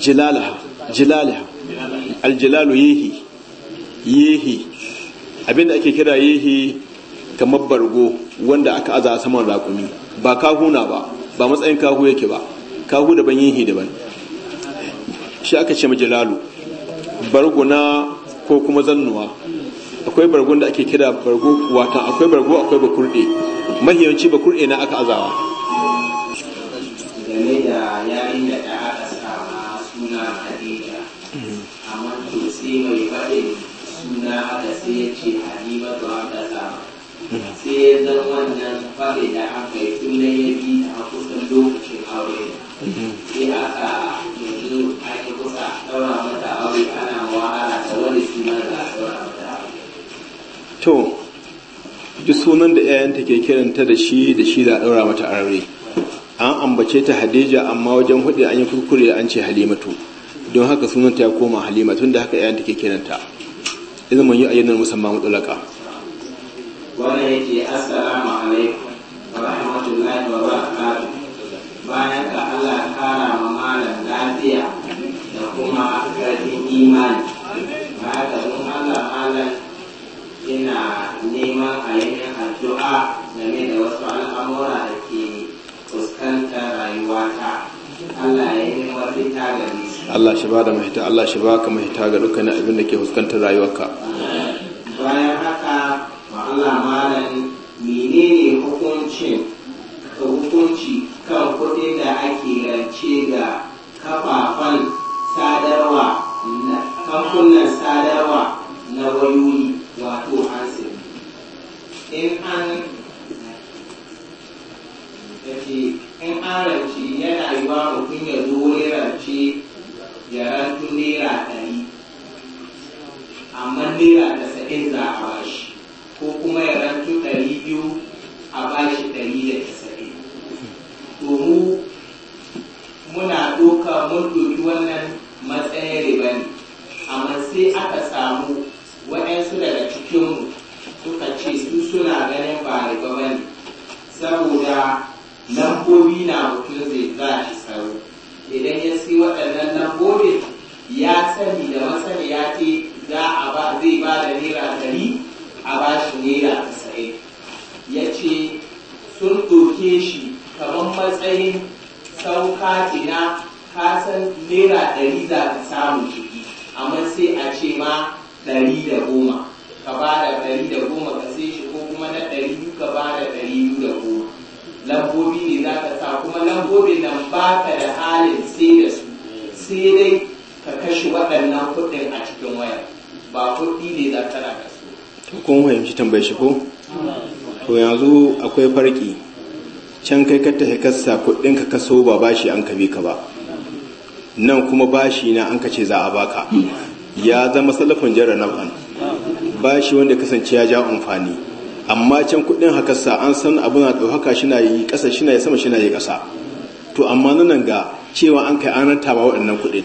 jilalaha jilalaha aljilalu yehi yehi abinda ake kira yehi kamar bargo wanda aka aza saman rakumi ba kahuna ba ba matsayin kahu yake ba kahu daban yehi daban shi aka ce bargo na ko kuma zannuwa akwai bargon da ake kira bargo wata akwai bargo akwai bakurde mahiyanci bakurde na aka azawa sai ya ce halima to aka sama sai ya zan wannan fari da aka yi tun da ya bi a kusan lokacin aure sai aka yanzu ake kusa ɗaura mata aure ana wahala da wani suna da ɗaura mata to duk sunan da 'ya'yanta ke kiranta da shi da shi za a ɗaura mata aure an ambace ta hadija amma wajen hudu an yi kurkure an ce halimatu don haka sunanta ya koma halima tun da haka 'ya'yanta ke kiranta idan mun yi ayyana musamman mutlaka wanda yake assalamu alaikum wa rahmatullahi wa barakatuh bayan ka Allah kara ma malam lafiya da kuma karfin imani ba da mahita Allah shi baka mahita ga dukkanin abin da ke fuskantar rayuwarka bayan haka wa Allah malam menene hukuncin hukunci kan kuɗi da ake rance ga kafa shi ɗari da tasa'in domin muna ɗoka mun doki wannan matsayin riba ne amma sai aka samu waɗansu daga cikinmu suka ce su suna ganin ba riba ba ne saboda lambobi na mutum zai za shi tsaro idan ya si waɗannan lambobin ya sani da masani ya ce za a ba zai ba da naira sau saukatina ka san naira ɗari za ka samu ciki amma sai a ce ma ɗari da goma ka ba da ɗari da goma ka sai shi ko kuma na ɗari biyu ka ba da ɗari biyu da goma lambobi ne za ka sa kuma lambobin nan ba ka da halin sai da su sai dai ka kashe waɗannan kuɗin a cikin waya ba kuɗi ne za ka na kasu. kun fahimci tambayar shi ko? to yanzu akwai farki can kai ka tafi kasa kuɗin ka kaso ba bashi an ka bi ka ba nan kuma bashi na an ka ce za a baka ya zama salafin jarar naf'an bashi wanda kasance ya ja amfani amma can kuɗin hakasa an san abu na ɗaukaka shi na yi ƙasa shi na yi sama shi na yi ƙasa to amma nan ga cewa an kai an ranta ma waɗannan kudin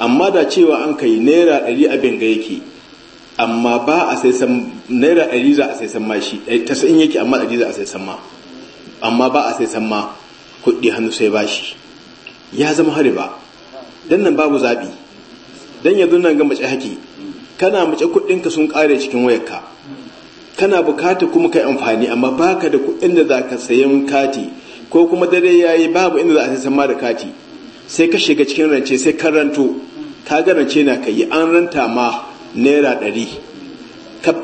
amma da cewa an kai naira ɗari a ga yake amma ba a sai san naira ɗari za a sai san ma shi eh, in yake amma ɗari za a sai san ma amma ba a sai san kuɗi hannu sai bashi ya zama hari ba don nan babu zaɓi don yanzu nan ga mace haki kana mace kuɗinka sun ƙare cikin wayarka kana bukata kuma kai amfani amma baka da kuɗin da zaka sayan kati ko kuma dare ya yi babu inda za a sai san da kati sai ka shiga cikin rance sai ka ranto ka ga rance na kai an ranta ma naira ɗari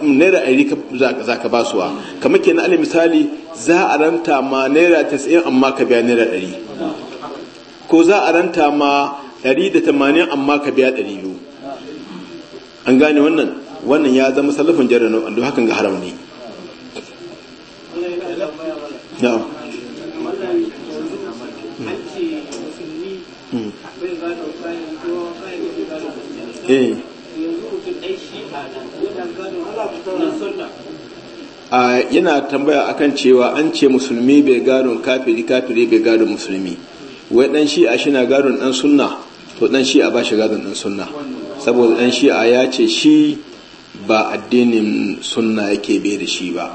naira ɗari za ka ba suwa kamar kenan alal misali za a ranta ma naira tasa'in amma ka biya naira ɗari ko za a ranta ma ɗari da tamanin amma ka biya ɗari biyu an gane wannan wannan ya zama salafin jirgin nan da hakan ga haram ne hmm. Hmm. eh yana tambaya akan cewa an ce musulmi bai gano kafiri kafiri bai gano musulmi wai dan shi a shi na gano dan sunna to dan shi a ba shi gadon dan sunna saboda dan shi a ya ce shi ba addinin sunna yake bai da shi ba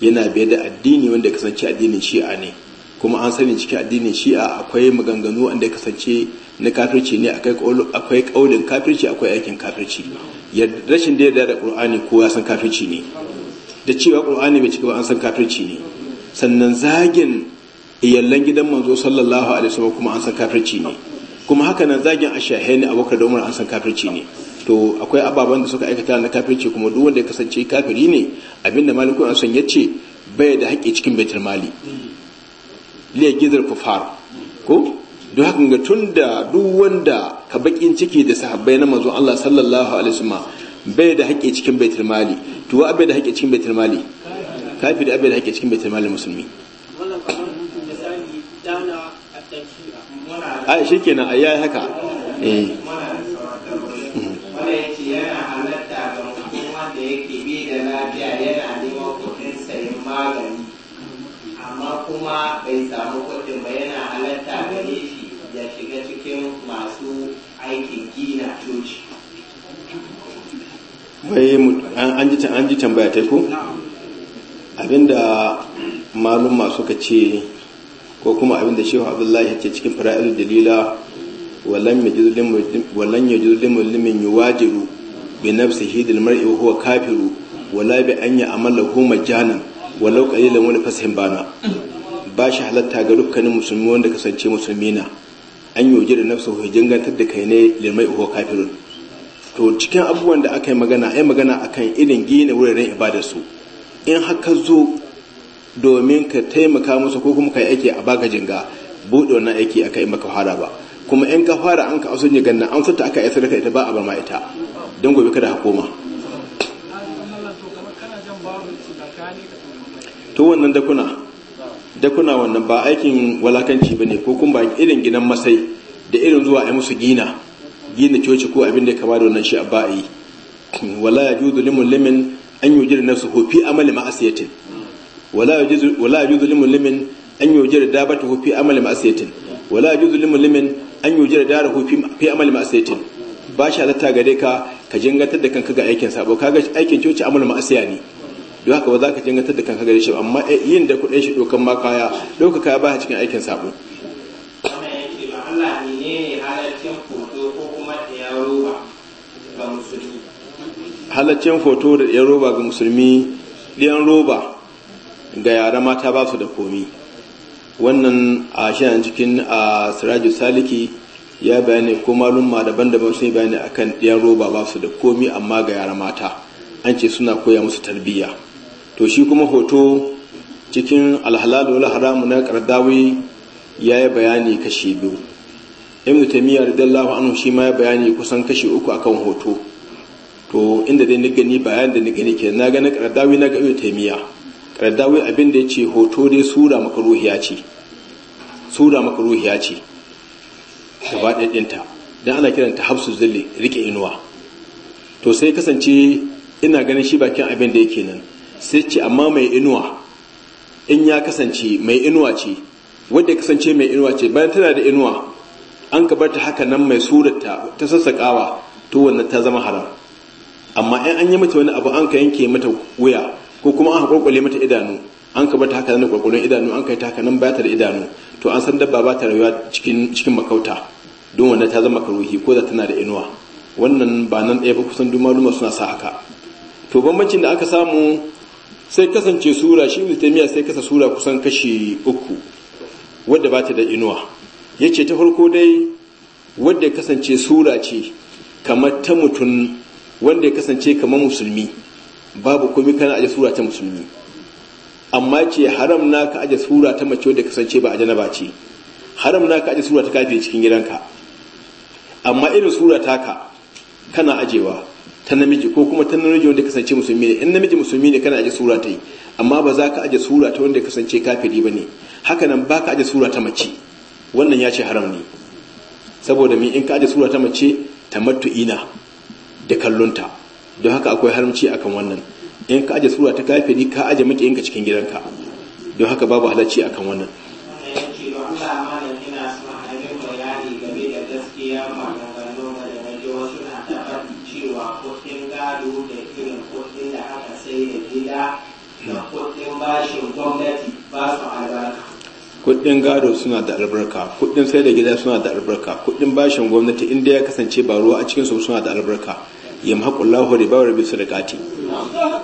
yana bai da addini wanda kasance addinin shi'a ne kuma an sani cikin addinin shi'a akwai maganganu wanda kasance na kafirci ne akwai kaulin kafirci akwai aikin kafirci rashin da ya da kur'ani ko ya san kafirci ne da cewa qur'ani bai cikin ba an san kafirci ne sannan zagin iyallan gidan manzo sallallahu alaihi wasallam kuma an san kafirci ne kuma haka nan zagin ashahe ne a da umar an san kafirci ne to akwai ababen da suka aikata na kafirci kuma duk wanda ya kasance kafiri ne abinda maliku an san yace bai da haƙƙi cikin baitul mali liya gizar kufar ko don haka ga tun da duk wanda ka bakin ciki da sahabbai na manzo Allah sallallahu alaihi wasallam bai da haƙƙi cikin baitul mali to wa bai da haƙƙi cikin baitul mali kafiri bai da haƙƙi cikin baitul mali musulmi a shi kenan a yayi haka eh amma kuma bai samu kudin ba yana halatta gare shi ya shiga cikin masu aikin gina coci wai an ji tambaya ta ku abinda malumma suka ce ko kuma abinda shehu abdullahi ya ce cikin fara'il dalila walan ya jirgin mulmin yi wajiru bi nafsi hidil mar'i huwa kafiru wala bi an yi amala huma janin walau kalilan wani fasihin bana ba shi halatta ga dukkanin musulmi wanda kasance musulmi na an yi wajen da nafsa hujjangantar da kai ne limai huwa kafirun to cikin abubuwan da aka yi magana ai magana akan irin gina wuraren ibada su in haka zo domin ka taimaka musu ko kuma ka yi aiki a baka jinga buɗe wannan aiki aka yi maka fara ba kuma in ka fara an ka asu ganna an suta aka yi sadaka ita ba a bar ita don gobe kada ka koma to wannan dakuna dakuna wannan ba aikin walakanci ba ne ko kuma irin gidan masai da irin zuwa a musu gina gina coci ko abin da ya kama da wannan shi a ba'i wala ya juzu limun limin an yi jira nafsu ko fi amali ma'asiyatin wala ya juzu limun limin an yi jira da bata hufi amali ma'asiyatin wala ya juzu limun limin an yi jira da hufi amali ma'asiyatin ba shi halatta gare ka ka jingatar da kanka ga aikin sabo kaga aikin coci amali ma'asiya ne don haka ba za ka jingatar da kanka gare shi amma eh, yin da kuɗin shi ɗaukan ma kaya ɗauka kaya ba cikin aikin sabo halaccen foto da ɗayan roba ga musulmi ɗayan roba ga yara mata ba su da komi wannan a shan cikin a sirajin saliki ya bayani ko malumma daban-daban sun yi bayani akan ɗayan roba ba su da komi amma ga yara mata an ce suna koya musu tarbiyya to shi kuma hoto cikin alhalal wal haramu na kardawi ya yi bayani kashi biyu ibn taymiyyah radiyallahu anhu shi ma ya bayani kusan kashi uku akan hoto to inda dai na gani bayan da na gani ke na gani kardawi na ga taimiya kardawi abin da ya ce hoto dai sura makaruhiya ce sura makaruhiya ce gaba ɗinta don ana kiranta hafsu zille rike inuwa to sai kasance ina ganin shi bakin abin da yake nan sai ce amma mai inuwa in ya kasance mai inuwa ce wadda ya kasance mai inuwa ce bayan tana da inuwa an ka bar ta haka nan mai surata ta sassaƙawa to wannan ta zama haram amma in an yi mata wani abu an ka yanke mata wuya ko kuma an hakurkule mata idanu an ka bata haka nan kurkuren idanu an kai ta haka nan bata da idanu to an san dabba ba ta rayuwa cikin makauta don wanda ta zama karuhi ko da tana da inuwa wannan ba nan ɗaya ba kusan duk maluma suna sa haka to bambancin da aka samu sai kasance sura shi ibnu taymiya sai kasa sura kusan kashi uku wadda ba da inuwa yace ta farko dai wadda kasance sura ce kamar ta mutum wanda ya kasance kamar musulmi babu komi kana aje sura ta musulmi amma ce haram na ka aje sura ta mace wanda ya kasance ba a janaba ce haram na ka aje sura ta kafe cikin gidanka amma irin sura ka kana ajewa ta namiji ko kuma ta namiji wanda ya kasance musulmi ne in namiji musulmi ne kana aje sura ta yi amma ba za ka aje sura ta wanda ya kasance kafiri ba ne hakanan ba ka aje sura ta mace wannan ya ce haram ne saboda mi in ka aje sura ta mace ina da kallonta don haka akwai haramci akan wannan in ka aje sura ta ni ka aje yanka cikin gidanka don haka babu halacci akan wannan kudin gado suna da albarka kudin sai da gida suna da albarka kudin bashin gwamnati inda ya kasance ba ruwa a cikinsu suna da albarka yamhaqullahu bawar wa da sadaqati